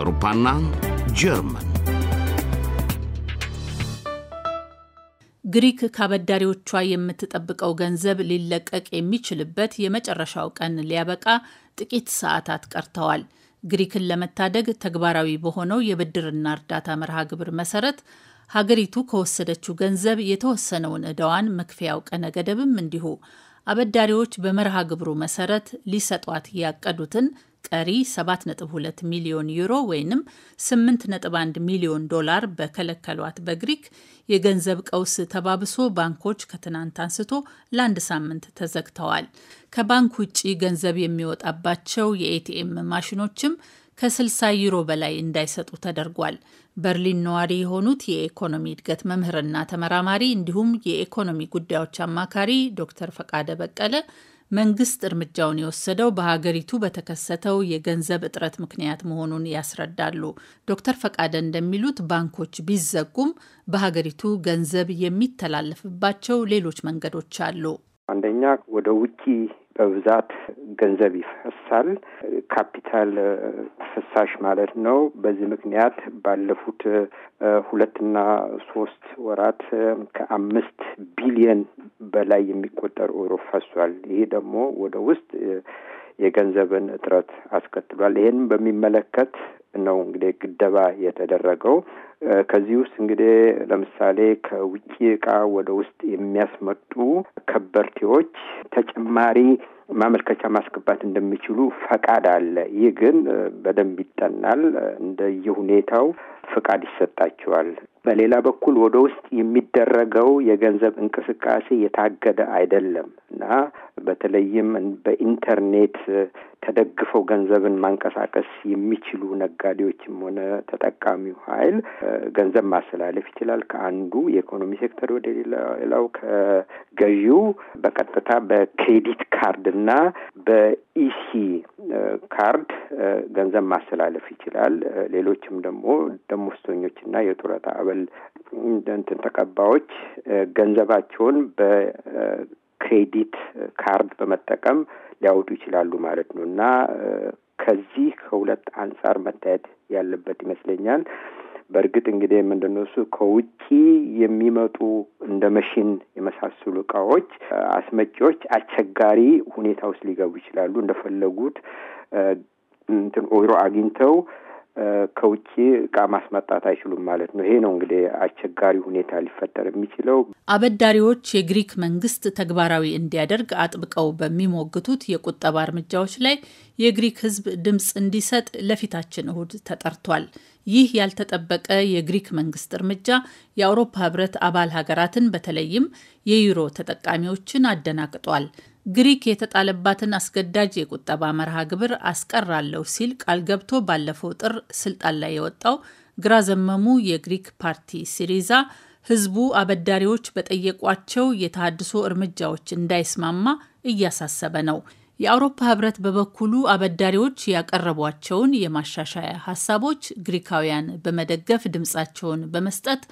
አውሮፓና ጀርመን ግሪክ ከአበዳሪዎቿ የምትጠብቀው ገንዘብ ሊለቀቅ የሚችልበት የመጨረሻው ቀን ሊያበቃ ጥቂት ሰዓታት ቀርተዋል። ግሪክን ለመታደግ ተግባራዊ በሆነው የብድርና እርዳታ መርሃ ግብር መሰረት ሀገሪቱ ከወሰደችው ገንዘብ የተወሰነውን ዕዳዋን መክፈያው ቀነ ገደብም እንዲሁ አበዳሪዎች በመርሃ ግብሩ መሰረት ሊሰጧት ያቀዱትን ቀሪ 7.2 ሚሊዮን ዩሮ ወይም 8.1 ሚሊዮን ዶላር በከለከሏት በግሪክ የገንዘብ ቀውስ ተባብሶ ባንኮች ከትናንት አንስቶ ለአንድ ሳምንት ተዘግተዋል። ከባንክ ውጭ ገንዘብ የሚወጣባቸው የኤቲኤም ማሽኖችም ከ60 ዩሮ በላይ እንዳይሰጡ ተደርጓል። በርሊን ነዋሪ የሆኑት የኢኮኖሚ እድገት መምህርና ተመራማሪ እንዲሁም የኢኮኖሚ ጉዳዮች አማካሪ ዶክተር ፈቃደ በቀለ መንግስት እርምጃውን የወሰደው በሀገሪቱ በተከሰተው የገንዘብ እጥረት ምክንያት መሆኑን ያስረዳሉ። ዶክተር ፈቃደ እንደሚሉት ባንኮች ቢዘጉም በሀገሪቱ ገንዘብ የሚተላለፍባቸው ሌሎች መንገዶች አሉ። አንደኛ ወደ ውጭ በብዛት ገንዘብ ይፈሳል። ካፒታል ፍሳሽ ማለት ነው። በዚህ ምክንያት ባለፉት ሁለትና ሶስት ወራት ከአምስት ቢሊየን በላይ የሚቆጠር ኦሮ ፈሷል። ይሄ ደግሞ ወደ ውስጥ የገንዘብን እጥረት አስከትሏል። ይህንም በሚመለከት ነው እንግዲህ ግደባ የተደረገው። ከዚህ ውስጥ እንግዲህ ለምሳሌ ከውጭ እቃ ወደ ውስጥ የሚያስመጡ ከበርቴዎች ተጨማሪ ማመልከቻ ማስገባት እንደሚችሉ ፈቃድ አለ። ይህ ግን በደንብ ይጠናል። እንደየሁኔታው ፈቃድ ይሰጣቸዋል። በሌላ በኩል ወደ ውስጥ የሚደረገው የገንዘብ እንቅስቃሴ የታገደ አይደለም እና በተለይም በኢንተርኔት ተደግፈው ገንዘብን ማንቀሳቀስ የሚችሉ ነጋዴዎችም ሆነ ተጠቃሚው ኃይል ገንዘብ ማስተላለፍ ይችላል። ከአንዱ የኢኮኖሚ ሴክተር ወደ ሌላው ከገዢው በቀጥታ በክሬዲት ካርድ እና በኢሲ ካርድ ገንዘብ ማስተላለፍ ይችላል። ሌሎችም ደግሞ እና የጡረታ አበል እንትን ተቀባዮች ገንዘባቸውን በክሬዲት ካርድ በመጠቀም ሊያወጡ ይችላሉ ማለት ነው እና ከዚህ ከሁለት አንጻር መታየት ያለበት ይመስለኛል። በእርግጥ እንግዲህ ምንድነው እሱ ከውጪ የሚመጡ እንደ መሽን የመሳሰሉ እቃዎች አስመጪዎች አስቸጋሪ ሁኔታ ውስጥ ሊገቡ ይችላሉ እንደፈለጉት እንትን ኦይሮ አግኝተው ከውጭ እቃ ማስመጣት አይችሉም ማለት ነው። ይሄ ነው እንግዲህ አስቸጋሪ ሁኔታ ሊፈጠር የሚችለው። አበዳሪዎች የግሪክ መንግስት ተግባራዊ እንዲያደርግ አጥብቀው በሚሞግቱት የቁጠባ እርምጃዎች ላይ የግሪክ ህዝብ ድምፅ እንዲሰጥ ለፊታችን እሁድ ተጠርቷል። ይህ ያልተጠበቀ የግሪክ መንግስት እርምጃ የአውሮፓ ህብረት አባል ሀገራትን በተለይም የዩሮ ተጠቃሚዎችን አደናቅጧል። ግሪክ የተጣለባትን አስገዳጅ የቁጠባ መርሃ ግብር አስቀራለሁ ሲል ቃል ገብቶ ባለፈው ጥር ስልጣን ላይ የወጣው ግራ ዘመሙ የግሪክ ፓርቲ ሲሪዛ ህዝቡ አበዳሪዎች በጠየቋቸው የተሃድሶ እርምጃዎች እንዳይስማማ እያሳሰበ ነው። የአውሮፓ ህብረት በበኩሉ አበዳሪዎች ያቀረቧቸውን የማሻሻያ ሀሳቦች ግሪካውያን በመደገፍ ድምፃቸውን በመስጠት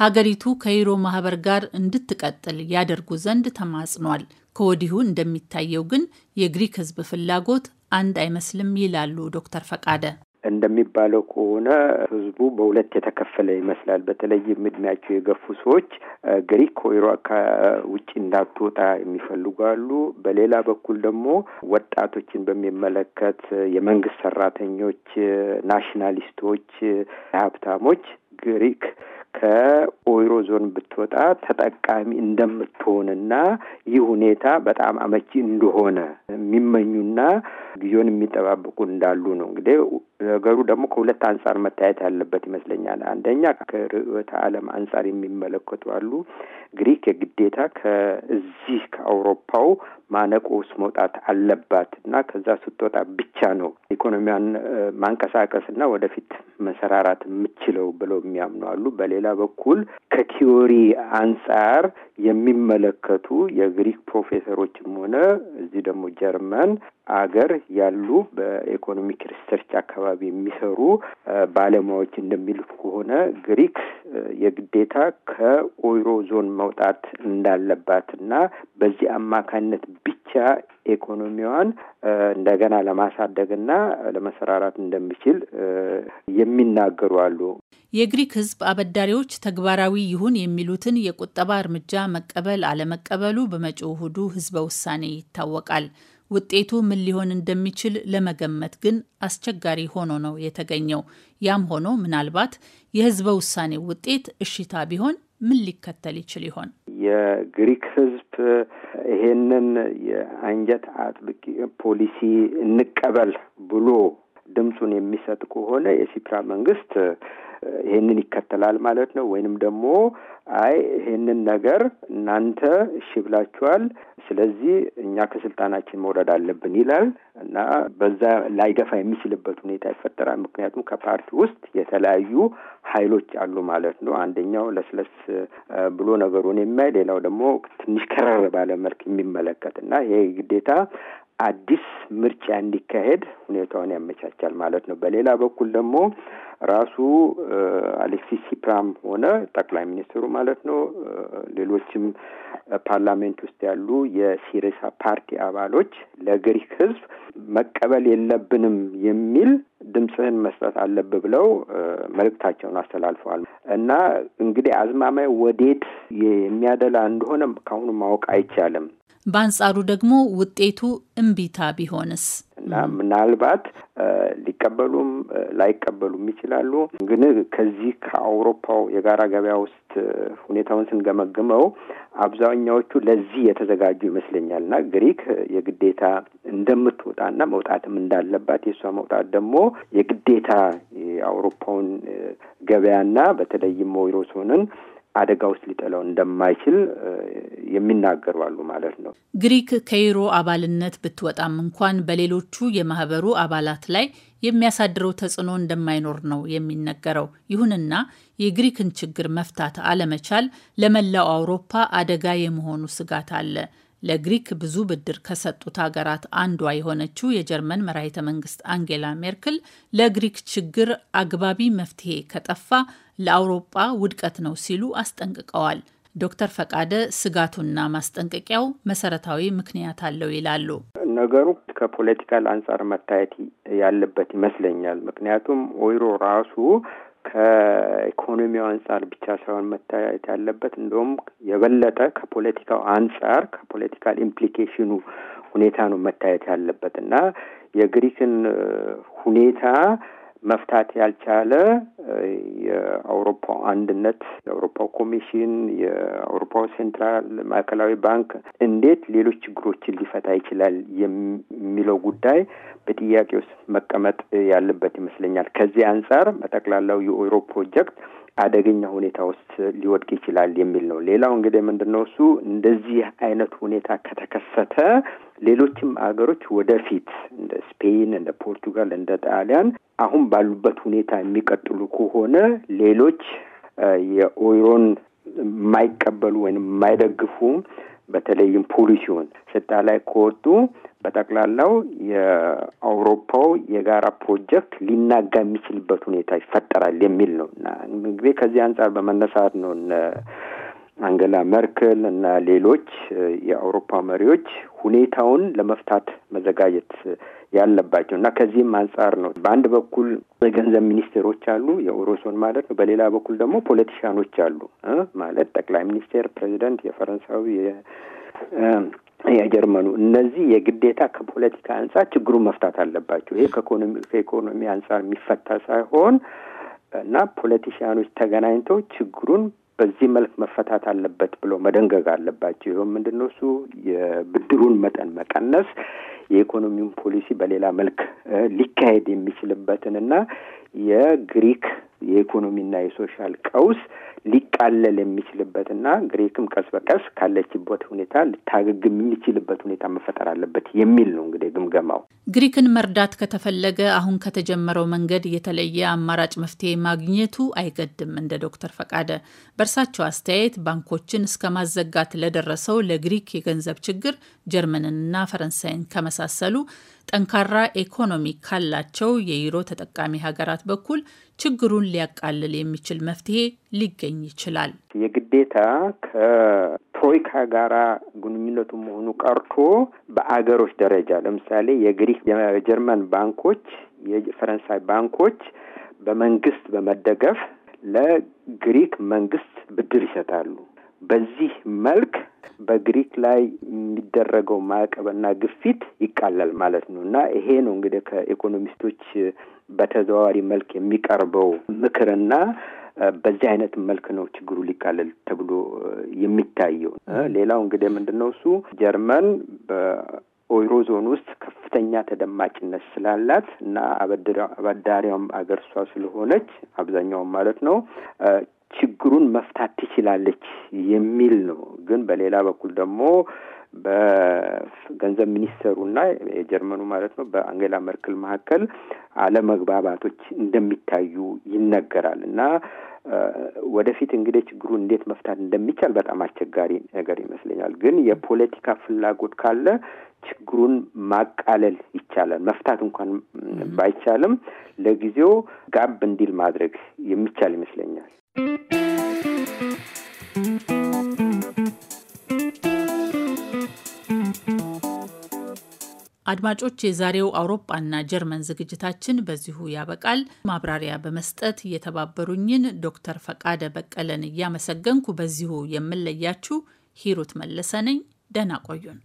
ሀገሪቱ ከዩሮ ማህበር ጋር እንድትቀጥል ያደርጉ ዘንድ ተማጽኗል። ከወዲሁ እንደሚታየው ግን የግሪክ ህዝብ ፍላጎት አንድ አይመስልም ይላሉ ዶክተር ፈቃደ። እንደሚባለው ከሆነ ህዝቡ በሁለት የተከፈለ ይመስላል። በተለይም እድሜያቸው የገፉ ሰዎች ግሪክ ከዩሮ ከውጭ እንዳትወጣ የሚፈልጉ አሉ። በሌላ በኩል ደግሞ ወጣቶችን በሚመለከት የመንግስት ሰራተኞች፣ ናሽናሊስቶች፣ ሀብታሞች ግሪክ ከኦይሮ ዞን ብትወጣ ተጠቃሚ እንደምትሆንና ይህ ሁኔታ በጣም አመቺ እንደሆነ የሚመኙና ጊዜውን የሚጠባብቁ እንዳሉ ነው። እንግዲህ ነገሩ ደግሞ ከሁለት አንጻር መታየት ያለበት ይመስለኛል። አንደኛ ከርዕዮተ ዓለም አንጻር የሚመለከቱ አሉ። ግሪክ የግዴታ ከዚህ ከአውሮፓው ማነቆ ውስጥ መውጣት አለባት እና ከዛ ስትወጣ ብቻ ነው ኢኮኖሚያን ማንቀሳቀስና ወደፊት መሰራራት የምችለው ብለው የሚያምኑ አሉ። በሌላ በሌላ በኩል ከቲዮሪ አንጻር የሚመለከቱ የግሪክ ፕሮፌሰሮችም ሆነ እዚህ ደግሞ ጀርመን አገር ያሉ በኢኮኖሚክ ሪሰርች አካባቢ የሚሰሩ ባለሙያዎች እንደሚሉት ከሆነ ግሪክ የግዴታ ከኦይሮ ዞን መውጣት እንዳለባትና በዚህ አማካኝነት ብቻ ኢኮኖሚዋን እንደገና ለማሳደግና ለመሰራራት እንደሚችል የሚናገሩ አሉ። የግሪክ ሕዝብ አበዳሪዎች ተግባራዊ ይሁን የሚሉትን የቁጠባ እርምጃ መቀበል አለመቀበሉ በመጪው እሁዱ ህዝበ ውሳኔ ይታወቃል። ውጤቱ ምን ሊሆን እንደሚችል ለመገመት ግን አስቸጋሪ ሆኖ ነው የተገኘው። ያም ሆኖ ምናልባት የህዝበ ውሳኔ ውጤት እሽታ ቢሆን ምን ሊከተል ይችል ይሆን? የግሪክ ህዝብ ይሄንን የአንጀት አጥብቂ ፖሊሲ እንቀበል ብሎ ድምፁን የሚሰጥ ከሆነ የሲፕራ መንግስት ይሄንን ይከተላል ማለት ነው። ወይንም ደግሞ አይ ይሄንን ነገር እናንተ እሺ ብላችኋል፣ ስለዚህ እኛ ከስልጣናችን መውረድ አለብን ይላል እና በዛ ላይገፋ የሚችልበት ሁኔታ ይፈጠራል። ምክንያቱም ከፓርቲ ውስጥ የተለያዩ ኃይሎች አሉ ማለት ነው። አንደኛው ለስለስ ብሎ ነገሩን የሚያይ ሌላው ደግሞ ትንሽ ከረር ባለ መልክ የሚመለከት እና ይሄ ግዴታ አዲስ ምርጫ እንዲካሄድ ሁኔታውን ያመቻቻል ማለት ነው። በሌላ በኩል ደግሞ ራሱ አሌክሲስ ሲፕራም ሆነ ጠቅላይ ሚኒስትሩ ማለት ነው፣ ሌሎችም ፓርላሜንት ውስጥ ያሉ የሲሪሳ ፓርቲ አባሎች ለግሪክ ህዝብ መቀበል የለብንም የሚል ድምፅህን መስጠት አለብህ ብለው መልእክታቸውን አስተላልፈዋል እና እንግዲህ አዝማማይ ወዴት የሚያደላ እንደሆነ ከአሁኑ ማወቅ አይቻልም። በአንጻሩ ደግሞ ውጤቱ እምቢታ ቢሆንስ እና ምናልባት ሊቀበሉም ላይቀበሉም ይችላሉ። ግን ከዚህ ከአውሮፓው የጋራ ገበያ ውስጥ ሁኔታውን ስንገመግመው አብዛኛዎቹ ለዚህ የተዘጋጁ ይመስለኛል እና ግሪክ የግዴታ እንደምትወጣና መውጣትም እንዳለባት የእሷ መውጣት ደግሞ የግዴታ የአውሮፓውን ገበያና በተለይም ዩሮ ዞንን አደጋ ውስጥ ሊጥለው እንደማይችል የሚናገሩ አሉ ማለት ነው። ግሪክ ከዩሮ አባልነት ብትወጣም እንኳን በሌሎቹ የማህበሩ አባላት ላይ የሚያሳድረው ተጽዕኖ እንደማይኖር ነው የሚነገረው። ይሁንና የግሪክን ችግር መፍታት አለመቻል ለመላው አውሮፓ አደጋ የመሆኑ ስጋት አለ። ለግሪክ ብዙ ብድር ከሰጡት ሀገራት አንዷ የሆነችው የጀርመን መራሄተ መንግስት አንጌላ ሜርክል ለግሪክ ችግር አግባቢ መፍትሄ ከጠፋ ለአውሮጳ ውድቀት ነው ሲሉ አስጠንቅቀዋል። ዶክተር ፈቃደ ስጋቱና ማስጠንቀቂያው መሰረታዊ ምክንያት አለው ይላሉ። ነገሩ ከፖለቲካል አንጻር መታየት ያለበት ይመስለኛል። ምክንያቱም ኦይሮ ራሱ ከኢኮኖሚው አንጻር ብቻ ሳይሆን መታየት ያለበት እንደውም የበለጠ ከፖለቲካው አንጻር ከፖለቲካል ኢምፕሊኬሽኑ ሁኔታ ነው መታየት ያለበት እና የግሪክን ሁኔታ መፍታት ያልቻለ የአውሮፓ አንድነት፣ የአውሮፓ ኮሚሽን፣ የአውሮፓ ሴንትራል ማዕከላዊ ባንክ እንዴት ሌሎች ችግሮችን ሊፈታ ይችላል የሚለው ጉዳይ በጥያቄ ውስጥ መቀመጥ ያለበት ይመስለኛል። ከዚህ አንጻር በጠቅላላው የኦሮ ፕሮጀክት አደገኛ ሁኔታ ውስጥ ሊወድቅ ይችላል የሚል ነው። ሌላው እንግዲህ ምንድን ነው እሱ እንደዚህ አይነት ሁኔታ ከተከሰተ ሌሎችም አገሮች ወደፊት እንደ ስፔን፣ እንደ ፖርቱጋል፣ እንደ ጣሊያን አሁን ባሉበት ሁኔታ የሚቀጥሉ ከሆነ ሌሎች የኦይሮን የማይቀበሉ ወይም የማይደግፉ በተለይም ፖሊሲውን ስልጣን ላይ ከወጡ በጠቅላላው የአውሮፓው የጋራ ፕሮጀክት ሊናጋ የሚችልበት ሁኔታ ይፈጠራል የሚል ነው እና እንግዲህ ከዚህ አንጻር በመነሳት ነው እነ አንገላ መርክል እና ሌሎች የአውሮፓ መሪዎች ሁኔታውን ለመፍታት መዘጋጀት ያለባቸው እና ከዚህም አንጻር ነው በአንድ በኩል የገንዘብ ሚኒስቴሮች አሉ፣ የኦሮሶን ማለት ነው። በሌላ በኩል ደግሞ ፖለቲሻኖች አሉ ማለት ጠቅላይ ሚኒስቴር፣ ፕሬዚደንት፣ የፈረንሳዊ የጀርመኑ እነዚህ የግዴታ ከፖለቲካ አንጻር ችግሩን መፍታት አለባቸው። ይሄ ከኢኮኖሚ ከኢኮኖሚ አንጻር የሚፈታ ሳይሆን እና ፖለቲሽያኖች ተገናኝተው ችግሩን በዚህ መልክ መፈታት አለበት ብሎ መደንገግ አለባቸው። ይኸውም ምንድን ነው እሱ የብድሩን መጠን መቀነስ፣ የኢኮኖሚውን ፖሊሲ በሌላ መልክ ሊካሄድ የሚችልበትን እና የግሪክ የኢኮኖሚና የሶሻል ቀውስ ሊቃለል የሚችልበትና ግሪክም ቀስ በቀስ ካለችበት ሁኔታ ልታገግም የሚችልበት ሁኔታ መፈጠር አለበት የሚል ነው እንግዲህ ግምገማው። ግሪክን መርዳት ከተፈለገ አሁን ከተጀመረው መንገድ የተለየ አማራጭ መፍትሄ ማግኘቱ አይገድም። እንደ ዶክተር ፈቃደ በእርሳቸው አስተያየት ባንኮችን እስከ ማዘጋት ለደረሰው ለግሪክ የገንዘብ ችግር ጀርመንንና ፈረንሳይን ከመሳሰሉ ጠንካራ ኢኮኖሚ ካላቸው የዩሮ ተጠቃሚ ሀገራት በኩል ችግሩን ሊያቃልል የሚችል መፍትሄ ሊገኝ ይችላል። የግዴታ ከትሮይካ ጋራ ግንኙነቱ መሆኑ ቀርቶ በአገሮች ደረጃ ለምሳሌ የግሪክ፣ የጀርመን ባንኮች፣ የፈረንሳይ ባንኮች በመንግስት በመደገፍ ለግሪክ መንግስት ብድር ይሰጣሉ። በዚህ መልክ በግሪክ ላይ የሚደረገው ማዕቀብና ግፊት ይቃለል ማለት ነው እና ይሄ ነው እንግዲህ ከኢኮኖሚስቶች በተዘዋዋሪ መልክ የሚቀርበው ምክርና በዚህ አይነት መልክ ነው ችግሩ ሊቃለል ተብሎ የሚታየው። ሌላው እንግዲህ ምንድን ነው እሱ ጀርመን በኦይሮ ዞን ውስጥ ከፍተኛ ተደማጭነት ስላላት እና አበዳሪዋም አገር እሷ ስለሆነች አብዛኛውም ማለት ነው ችግሩን መፍታት ትችላለች የሚል ነው። ግን በሌላ በኩል ደግሞ በገንዘብ ሚኒስተሩና የጀርመኑ ማለት ነው በአንጌላ መርክል መካከል አለመግባባቶች እንደሚታዩ ይነገራል እና ወደፊት እንግዲህ ችግሩን እንዴት መፍታት እንደሚቻል በጣም አስቸጋሪ ነገር ይመስለኛል። ግን የፖለቲካ ፍላጎት ካለ ችግሩን ማቃለል ይቻላል። መፍታት እንኳን ባይቻልም ለጊዜው ጋብ እንዲል ማድረግ የሚቻል ይመስለኛል። አድማጮች፣ የዛሬው አውሮፓና ጀርመን ዝግጅታችን በዚሁ ያበቃል። ማብራሪያ በመስጠት የተባበሩኝን ዶክተር ፈቃደ በቀለን እያመሰገንኩ በዚሁ የምለያችሁ ሂሩት መለሰ ነኝ። ደህና ቆዩን።